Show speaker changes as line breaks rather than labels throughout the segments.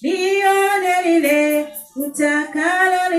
lione lile utakalo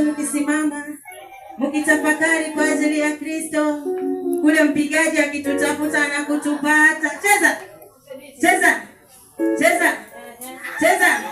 ambazo mkisimama mkitafakari kwa ajili ya Kristo, kule mpigaji akitutafuta na kutupata. Cheza, cheza, cheza, cheza.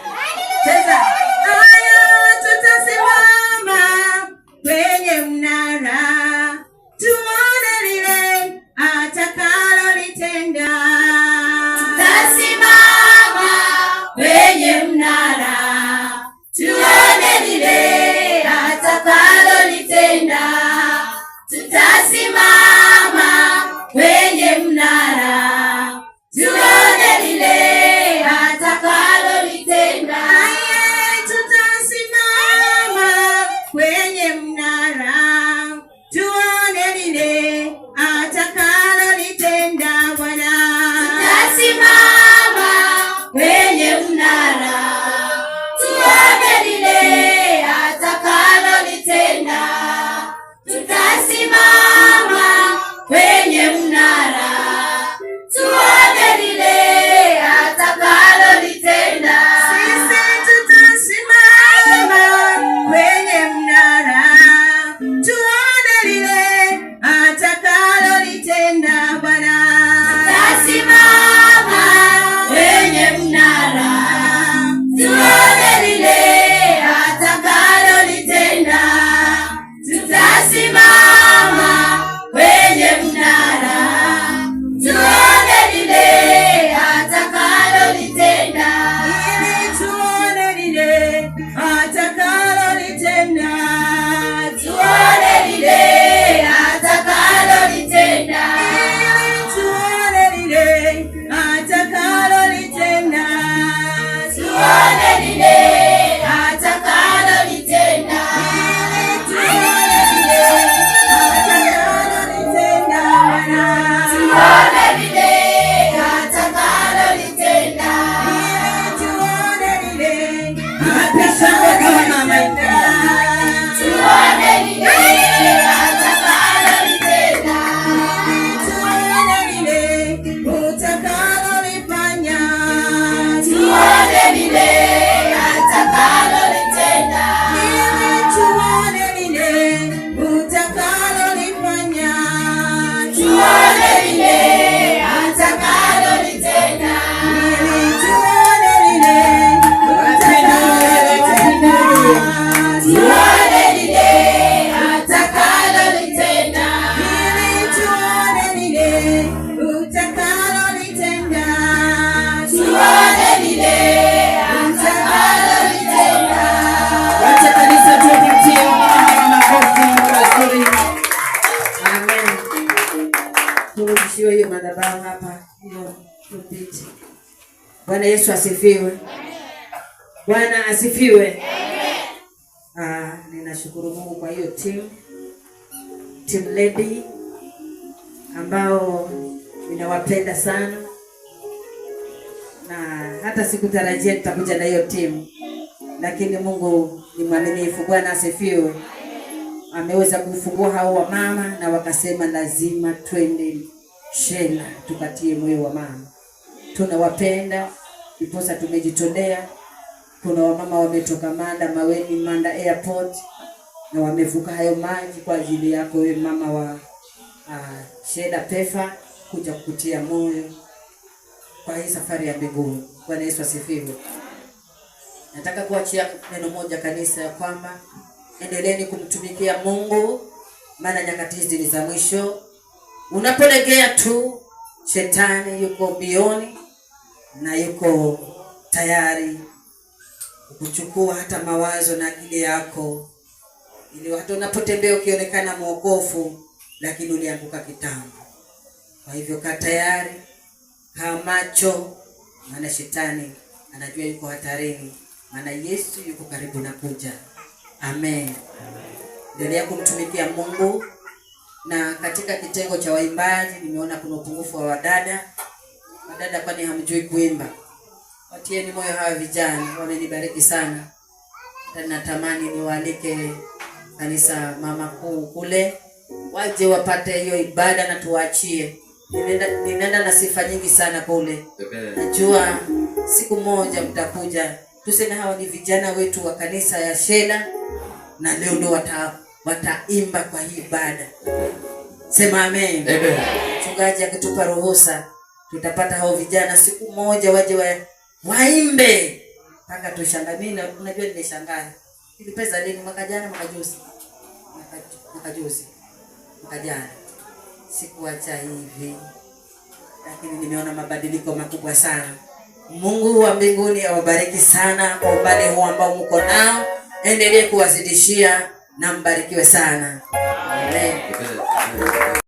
Bwana Yesu asifiwe. Bwana asifiwe. Ah, ninashukuru Mungu kwa hiyo timu team lady ambao ninawapenda sana na hata sikutarajia tutakuja na hiyo timu, lakini Mungu ni mwaminifu. Bwana asifiwe. Ameweza kufungua hao wamama na wakasema lazima twende Shela tupatie moyo wa mama tunawapenda iposa, tumejitolea. Kuna wamama wametoka Manda Maweni, Manda Airport, na wamevuka hayo maji kwa ajili yako wewe mama wa uh, Sheda Pefa kuja kukutia moyo kwa hii safari ya mbinguni. Bwana Yesu asifiwe. Nataka kuachia neno moja kanisa, ya kwamba endeleeni kumtumikia Mungu, maana nyakati hizi ni za mwisho. Unapolegea tu, shetani yuko mbioni na yuko tayari kuchukua hata mawazo na akili yako, ili hata unapotembea ukionekana mwokofu, lakini ulianguka kitambo. Kwa hivyo kaa tayari, kaa macho, maana shetani anajua yuko hatarini, maana Yesu yuko karibu na kuja. Amen. Endelea kumtumikia Mungu. Na katika kitengo cha waimbaji nimeona kuna upungufu wa wadada dada, kwani hamjui kuimba? Watieni moyo hawa vijana, wamenibariki sana. Natamani niwaalike kanisa mama kuu kule, waje wapate hiyo ibada na tuwaachie. Ninaenda na sifa nyingi sana kule, najua siku moja mtakuja tuseme hawa ni vijana wetu wa kanisa ya Shela na leo ndo wata wataimba kwa hii ibada. Sema amen. Mchungaji akitupa ruhusa tutapata hao vijana siku moja waje wa, waimbe mpaka tushanga Mimi unajua nimeshangaa ili pesa lini? Mwaka jana, mwaka juzi, mwaka juzi, mwaka jana sikuacha hivi, lakini nimeona mabadiliko makubwa sana. Mungu wa mbinguni awabariki sana kwa umbali huu ambao mko nao, endelee kuwazidishia na mbarikiwe sana Amen.